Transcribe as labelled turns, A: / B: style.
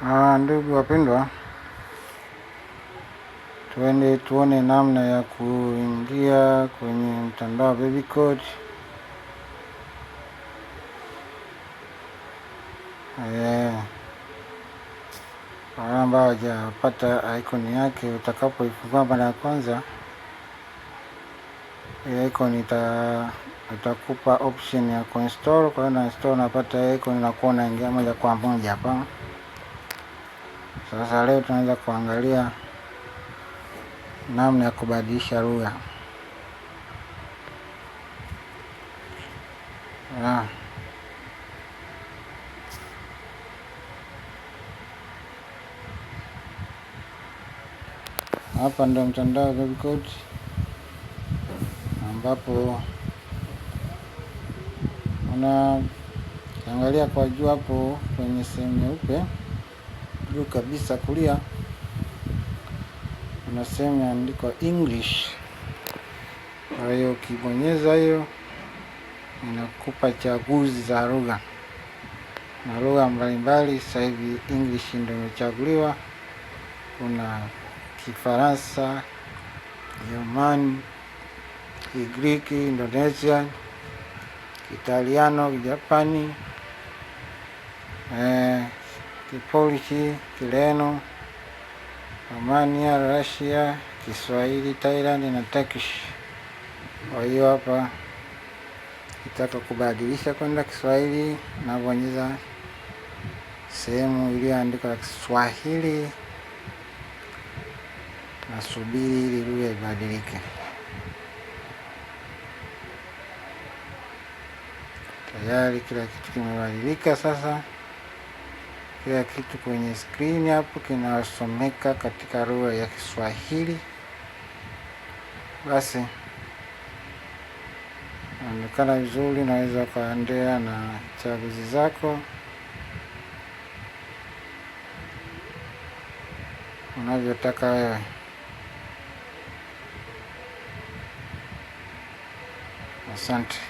A: Ah, ndugu wapendwa, tuende tuone namna ya kuingia kwenye mtandao wa Bebicode e, eh, wale ambao hawajapata icon yake, utakapoifungua mara ya kwanza hiyo icon ita itakupa option ya kuinstall. Kwa hiyo na install, unapata icon kuona ingia moja kwa moja hapa. Sasa leo tunaanza kuangalia namna ya kubadilisha lugha. Hapa ndio mtandao wa Code ambapo una angalia kwa juu hapo kwenye sehemu nyeupe juu kabisa kulia kuna sehemu imeandikwa English. Kwa hiyo ukibonyeza hiyo inakupa chaguzi za lugha na lugha mbalimbali. Sasa hivi English ndio imechaguliwa, kuna Kifaransa, German, Kigriki, Indonesian, Kitaliano, Kijapani eh, Kipolki, Kireno, Romania, Russia, Kiswahili, Thailand na Turkish. Kwa hiyo hapa nitaka kubadilisha kwenda Kiswahili na bonyeza sehemu iliyoandikwa Kiswahili, nasubiri ili lugha ibadilike. Tayari kila kitu kimebadilika sasa. Kila kitu kwenye skrini hapo kinasomeka katika lugha ya Kiswahili. Basi naonekana vizuri, naweza ukaendelea na chaguzi zako unavyotaka wewe. Asante.